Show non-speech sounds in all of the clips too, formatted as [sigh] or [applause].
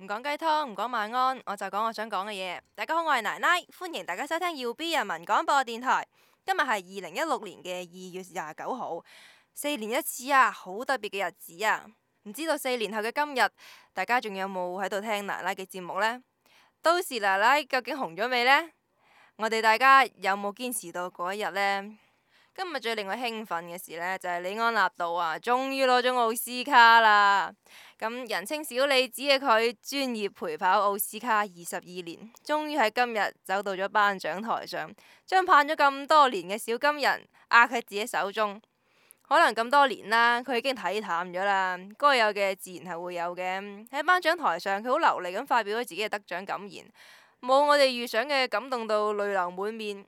唔講雞湯，唔講晚安，我就講我想講嘅嘢。大家好，我係奶奶，歡迎大家收聽耀 B 人民廣播電台。今日係二零一六年嘅二月廿九號，四年一次啊，好特別嘅日子啊！唔知道四年後嘅今日，大家仲有冇喺度聽奶奶嘅節目呢？到時奶奶究竟紅咗未呢？我哋大家有冇堅持到嗰一日呢？今日最令我興奮嘅事呢，就係李安納度啊，終於攞咗奧斯卡啦！咁人稱小李子嘅佢，專業陪跑奧斯卡二十二年，終於喺今日走到咗頒獎台上，將盼咗咁多年嘅小金人握喺自己手中。可能咁多年啦，佢已經睇淡咗啦，該有嘅自然係會有嘅。喺頒獎台上，佢好流利咁發表咗自己嘅得獎感言，冇我哋預想嘅感動到淚流滿面。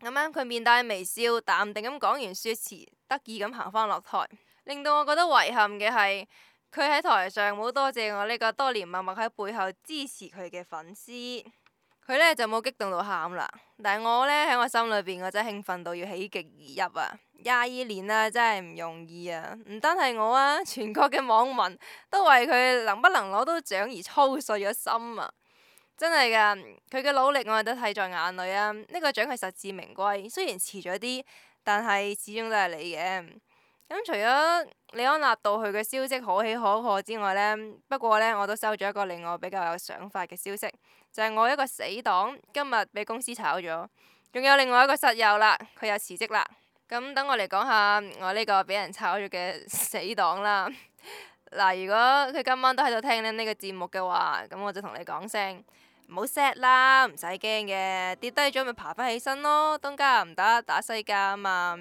咁樣佢面帶微笑，淡定咁講完説辭，得意咁行翻落台。令到我覺得遺憾嘅係，佢喺台上冇多謝我呢個多年默默喺背後支持佢嘅粉絲。佢呢就冇激動到喊啦。但係我呢喺我心裏邊，我真係興奮到要喜極而泣啊！廿一年啦，啊，真係唔容易啊！唔單係我啊，全國嘅網民都為佢能不能攞到獎而操碎咗心啊！真係噶，佢嘅努力我哋都睇在眼裏啊！呢、這個獎係實至名歸，雖然遲咗啲，但係始終都係你嘅。咁除咗李安納度佢嘅消息可喜可賀之外咧，不過咧我都收咗一個令我比較有想法嘅消息，就係、是、我一個死黨今日俾公司炒咗，仲有另外一個室友啦，佢又辭職啦。咁等我嚟講下我呢個俾人炒咗嘅死黨啦。嗱， [laughs] 如果佢今晚都喺度聽緊呢個節目嘅話，咁我就同你講聲。唔好 s e t 啦，唔使驚嘅，跌低咗咪爬翻起身咯。東家又唔打打西家啊嘛。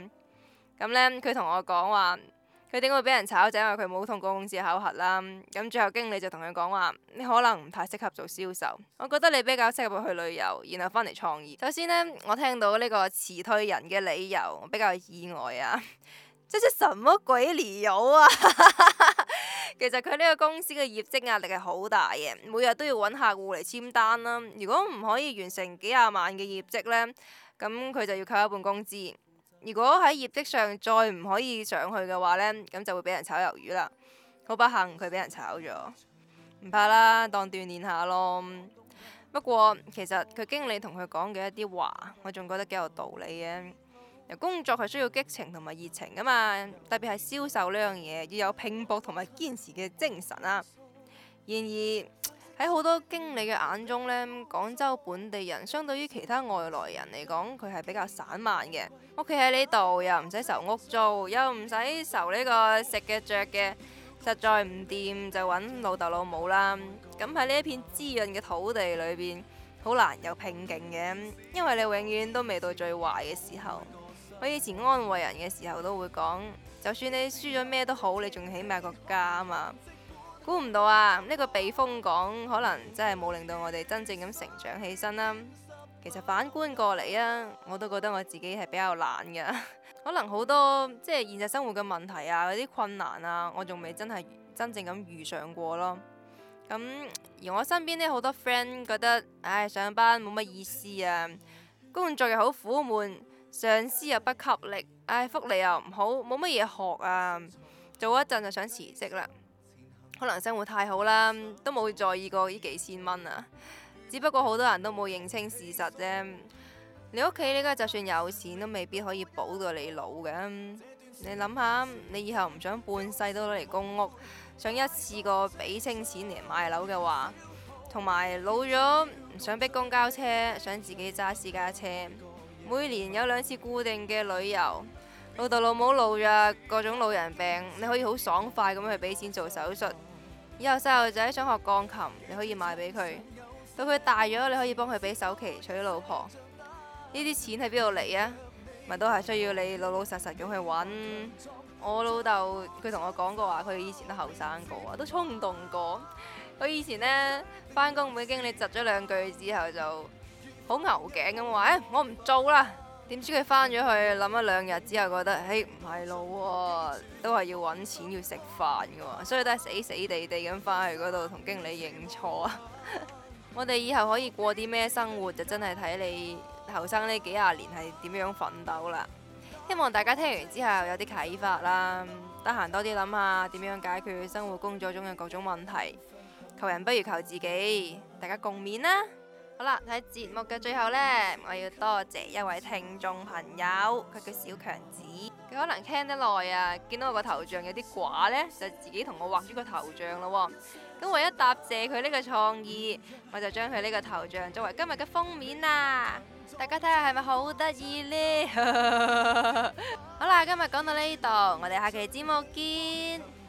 咁咧佢同我講話，佢點會俾人炒就因為佢冇通過公司考核啦。咁最後經理就同佢講話，你可能唔太適合做銷售，我覺得你比較適合去旅遊，然後翻嚟創業。首先呢，我聽到呢個辭退人嘅理由我比較意外啊，即 [laughs] 係什麼鬼理由啊？ [laughs] 其實佢呢個公司嘅業績壓力係好大嘅，每日都要揾客戶嚟簽單啦。如果唔可以完成幾廿萬嘅業績呢，咁佢就要扣一半工資。如果喺業績上再唔可以上去嘅話呢，咁就會俾人炒魷魚啦。好不幸佢俾人炒咗，唔怕啦，當鍛鍊下咯。不過其實佢經理同佢講嘅一啲話，我仲覺得幾有道理嘅。工作係需要激情同埋熱情噶嘛，特別係銷售呢樣嘢要有拼搏同埋堅持嘅精神啊。然而喺好多經理嘅眼中呢，廣州本地人相對於其他外來人嚟講，佢係比較散漫嘅。屋企喺呢度又唔使愁屋租，又唔使愁呢個食嘅着嘅，實在唔掂就揾老豆老母啦。咁喺呢一片滋潤嘅土地裏邊，好難有拼勁嘅，因為你永遠都未到最壞嘅時候。我以前安慰人嘅時候都會講，就算你輸咗咩都好，你仲起碼個家啊嘛。估唔到啊，呢個避風港可能真係冇令到我哋真正咁成長起身啦。其實反觀過嚟啊，我都覺得我自己係比較懶噶。可能好多即係現實生活嘅問題啊，嗰啲困難啊，我仲未真係真正咁遇上過咯。咁而我身邊呢，好多 friend 覺得，唉，上班冇乜意思啊，工作又好苦悶。上司又不給力，唉、哎，福利又唔好，冇乜嘢學啊，做一陣就想辭職啦。可能生活太好啦，都冇在意過呢幾千蚊啊。只不過好多人都冇認清事實啫。你屋企呢家就算有錢都未必可以保到你老嘅。你諗下，你以後唔想半世都攞嚟供屋，想一次過俾清錢嚟買樓嘅話，同埋老咗唔想逼公交車，想自己揸私家車。每年有兩次固定嘅旅遊，老豆老母老咗，各種老人病，你可以好爽快咁去俾錢做手術。以後細路仔想學鋼琴，你可以買俾佢。到佢大咗，你可以幫佢俾首期娶老婆。呢啲錢喺邊度嚟啊？咪都係需要你老老實實咁去揾。我老豆佢同我講過話，佢以前都後生過，都衝動過。佢以前呢，返工，俾經理窒咗兩句之後就，好牛頸咁話，誒我唔做啦！點知佢翻咗去諗咗兩日之後，覺得誒唔係路，都係要揾錢要食飯嘅喎，所以都係死死地地咁翻去嗰度同經理認錯啊！ [laughs] 我哋以後可以過啲咩生活，就真係睇你後生呢幾廿年係點樣奮鬥啦！希望大家聽完之後有啲啟發啦，得閒多啲諗下點樣解決生活工作中嘅各種問題。求人不如求自己，大家共勉啦！好啦，喺節目嘅最後呢，我要多謝一位聽眾朋友，佢叫小強子，佢可能聽得耐啊，見到我個頭像有啲寡呢，就自己同我畫咗個頭像咯喎。咁為咗答謝佢呢個創意，我就將佢呢個頭像作為今日嘅封面啦。大家睇下係咪好得意呢？ [laughs] 好啦，今日講到呢度，我哋下期節目見。